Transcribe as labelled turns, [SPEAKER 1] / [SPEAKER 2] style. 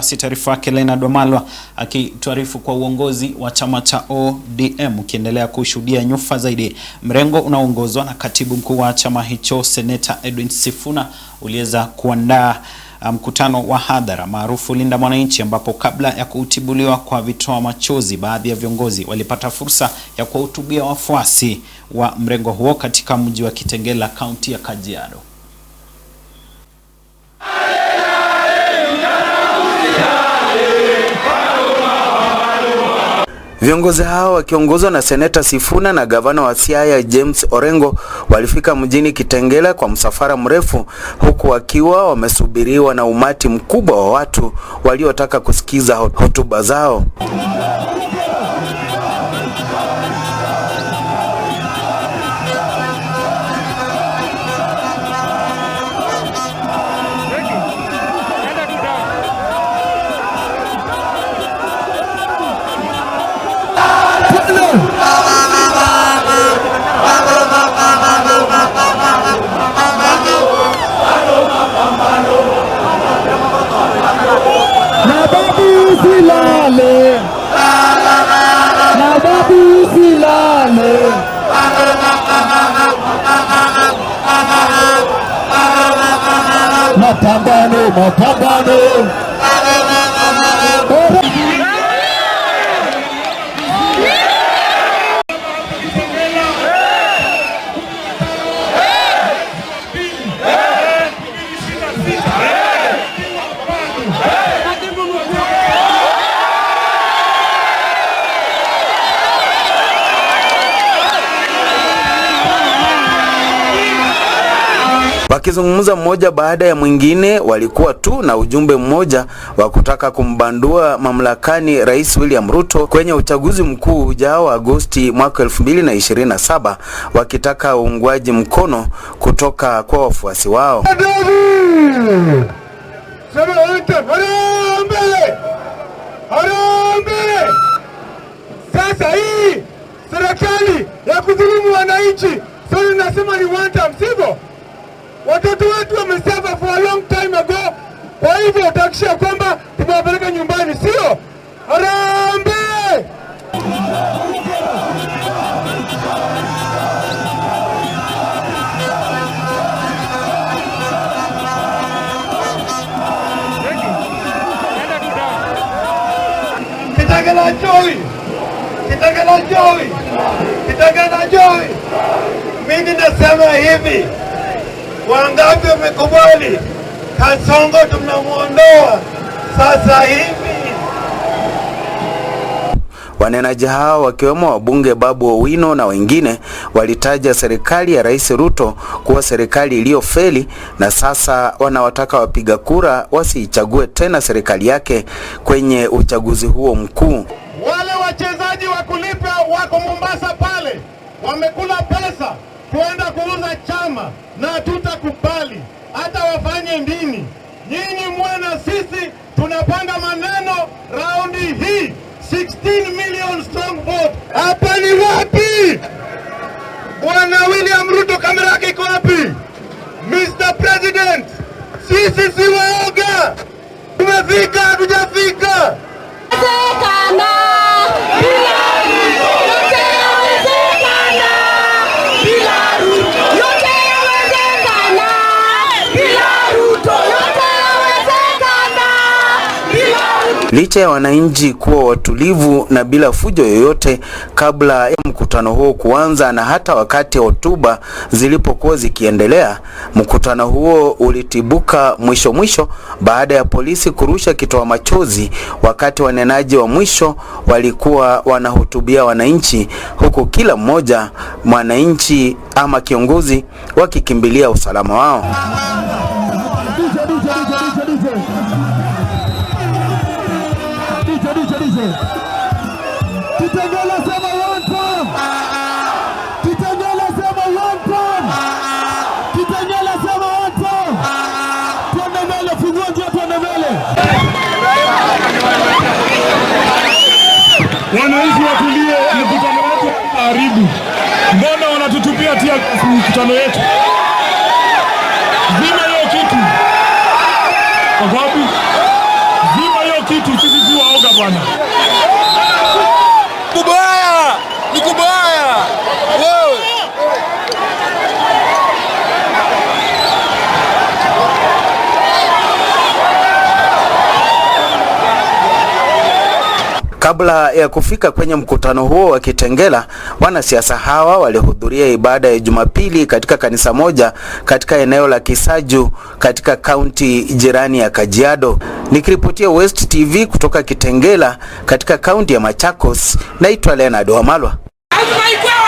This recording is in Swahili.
[SPEAKER 1] Basi taarifa yake Lena Domalwa akituarifu kwa uongozi wa chama cha ODM ukiendelea kushuhudia nyufa zaidi. Mrengo unaoongozwa na katibu mkuu wa chama hicho Seneta Edwin Sifuna uliweza kuandaa um, mkutano um, wa hadhara maarufu Linda Mwananchi, ambapo kabla ya kutibuliwa kwa vitoa machozi, baadhi ya viongozi walipata fursa ya kuwahutubia wafuasi wa mrengo huo katika mji wa Kitengela, kaunti ya Kajiado. Viongozi hao wakiongozwa na Seneta Sifuna na gavana wa Siaya James Orengo walifika mjini Kitengela kwa msafara mrefu, huku wakiwa wamesubiriwa na umati mkubwa wa watu waliotaka kusikiza hotuba zao. tusilale. Mapambano, mapambano Wakizungumza mmoja baada ya mwingine, walikuwa tu na ujumbe mmoja wa kutaka kumbandua mamlakani Rais William Ruto kwenye uchaguzi mkuu ujao Agosti mwaka 2027, wakitaka uungwaji mkono kutoka kwa wafuasi wao. Sasa hii serikali ya kudhulumu wananchi, sasa nasema ni wantam, sivyo? Watoto wetu wameserve for a long time ago, kwa hivyo utahakikisha kwamba tumewapeleka nyumbani, sio harambe Kitengela joy, Kitengela joy, Kitengela joy. Mimi nasema hivi Wangapi wamekubali? Kasongo tunamwondoa sasa hivi. Wanenaji hao wakiwemo wabunge Babu Owino na wengine walitaja serikali ya Rais Ruto kuwa serikali iliyofeli na sasa wanawataka wapiga kura wasiichague tena serikali yake kwenye uchaguzi huo mkuu. Wale wachezaji wa kulipa wako Mombasa pale, wamekula pesa kwenda kuuza chama, na hatutakubali hata wafanye nini. Nyinyi muwe na sisi, tunapanga maneno raundi hii 16 million strong vote. Hapa ni wapi? Bwana William Ruto kamera yake iko wapi? Mr President, sisi si waoga, tumefika hatujafika licha ya wananchi kuwa watulivu na bila fujo yoyote kabla ya mkutano huo kuanza na hata wakati hotuba zilipokuwa zikiendelea. Mkutano huo ulitibuka mwisho mwisho baada ya polisi kurusha kitoa machozi, wakati wanenaji wa mwisho walikuwa wanahutubia wananchi, huku kila mmoja mwananchi ama kiongozi wakikimbilia usalama wao. Wananchi watulie, mkutano wetu haribu. Mbona wanatutupia tia mkutano wetu? Zima hiyo kitu, kwa sababu zima hiyo kitu, sisi si waoga bwana. Kabla ya kufika kwenye mkutano huo wa Kitengela, wanasiasa hawa walihudhuria ibada ya Jumapili katika kanisa moja katika eneo la Kisaju katika kaunti jirani ya Kajiado. Nikiripotia West TV kutoka Kitengela katika kaunti ya Machakos, naitwa Leonard Wamalwa.